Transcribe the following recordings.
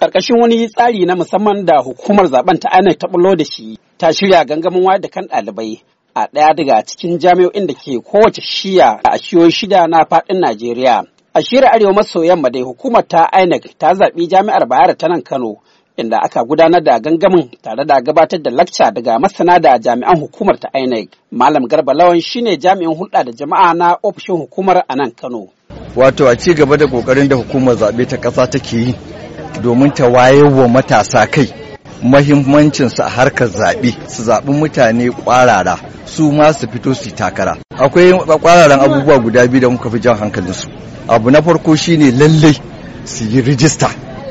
Karkashin wani tsari na musamman da hukumar zaben ta INEC ta bullo da shi ta shirya gangamin wayar da kan ɗalibai a ɗaya daga cikin jami'o'in da ke kowace shiya a ashiyoyi shida na faɗin Najeriya. A shirya arewa maso yamma dai hukumar ta INEC ta zaɓi jami'ar Bayero ta nan Kano inda aka gudanar da gangamin tare da gabatar da lakca daga masana da jami'an hukumar ta INEC. Malam Garba Lawan shine jami'in hulɗa da jama'a na ofishin hukumar a nan Kano. Wato a ci gaba da ƙoƙarin da hukumar zaɓe ta ƙasa take yi domin ta wa matasa kai mahimmancinsu a harkar zaɓe su zaɓi mutane ƙwarara su ma su fito su takara akwai ƙwararan abubuwa guda biyu da muka fi jan hankalin su abu na farko shine lallai su yi rijista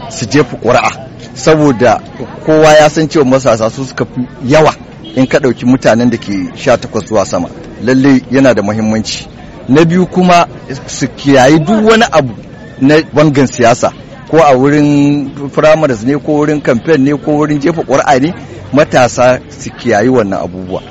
su jefa ƙuri'a saboda kowa ya san cewa masasa su suka fi yawa in ka ɗauki mutanen da ke sha takwas zuwa sama lallai yana da mahimmanci na biyu kuma su kiyayi duk wani abu na bangan siyasa ko a wurin primaries ne ko wurin campaign ne ko wurin jefa ƙwar'a ne matasa su kiyayi wannan abubuwa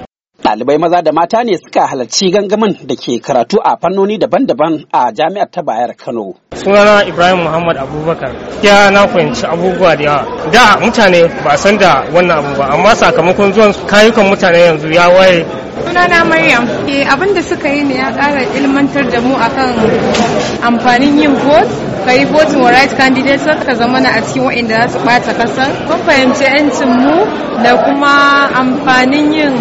ɗalibai maza da mata ne suka halarci gangamin da ke karatu a fannoni daban-daban a jami'ar ta bayar kano sunana ibrahim muhammad abubakar ya na fahimci abubuwa da yawa da mutane ba san da wannan abu ba amma sakamakon zuwan kayukan mutane yanzu ya waye sunana maryam eh, abin da suka yi ne ya ƙara ilmantar da mu akan amfanin yin vote ka yi voting wa right candidate sai ka zama na a cikin waɗanda za su ɓata ƙasar. Kun fahimci 'yancin mu da kuma amfanin yin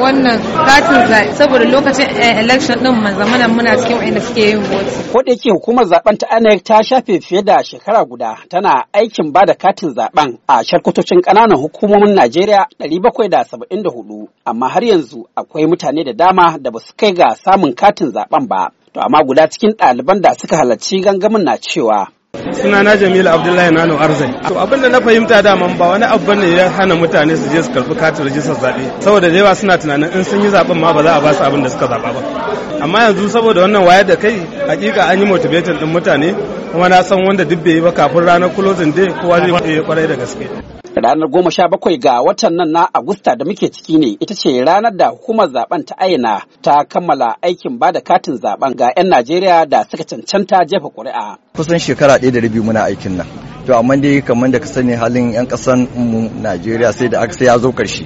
wannan katin zaɓe saboda lokacin eh, election ɗin man zamana muna cikin waɗanda suke yin voting. Ko da yake hukumar zaben ta Anak ta shafe fiye da shekara guda tana aikin ba da katin zaben a sharkutocin ƙananan hukumomin Najeriya 774 amma har yanzu akwai mutane da dama da ba su kai ga samun katin zaben ba. To amma guda cikin ɗaliban da suka halarci gangamin na cewa sunana Jamilu Abdullahi Nano Arzai. To abinda na fahimta daman ba wani abu ne ya hana mutane su je su karɓi katin rajistar zaɓe. Saboda da yawa suna tunanin in sun yi zaɓen ma ba za a ba su abin da suka zaɓa ba. Amma yanzu saboda wannan wayar da kai hakika an yi motivating din mutane kuma na san wanda duk bai yi ba kafin ranar closing day kowa zai kwarai da gaske. ranar goma sha bakwai ga watan nan na agusta da muke ciki ne ita ce ranar da hukumar zaben ta ayyana ta kammala aikin ba da katin zaben ga 'yan najeriya da suka cancanta jefa ƙuri'a kusan shekara ɗaya da rabi muna aikin nan to amma dai kamar da ka sani halin 'yan ƙasan mu najeriya sai da aka sai ya zo ƙarshe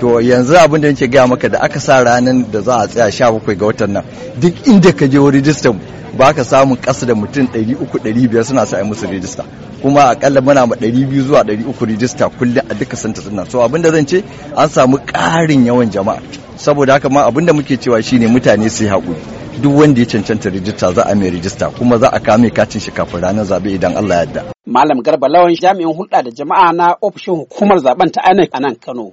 to yanzu abin da nake gaya maka da aka sa ranar da za a tsaya sha bakwai ga watan nan duk inda ka je rijistar ba ka samun ƙasa da mutum 300-500 suna sa musu rijista kuma akalla muna ma 200 zuwa 300 rijista kullum a duka santa suna so abin da zan ce an samu ƙarin yawan jama'a saboda haka ma abin da muke cewa shi ne mutane su yi haƙuri duk wanda ya cancanta rijista za a mai rijista kuma za a kame katin shi kafin ranar zaɓe idan Allah ya yarda. Malam Garba Lawan jami'in hulɗa da jama'a na ofishin hukumar zaben ta INEC a nan Kano.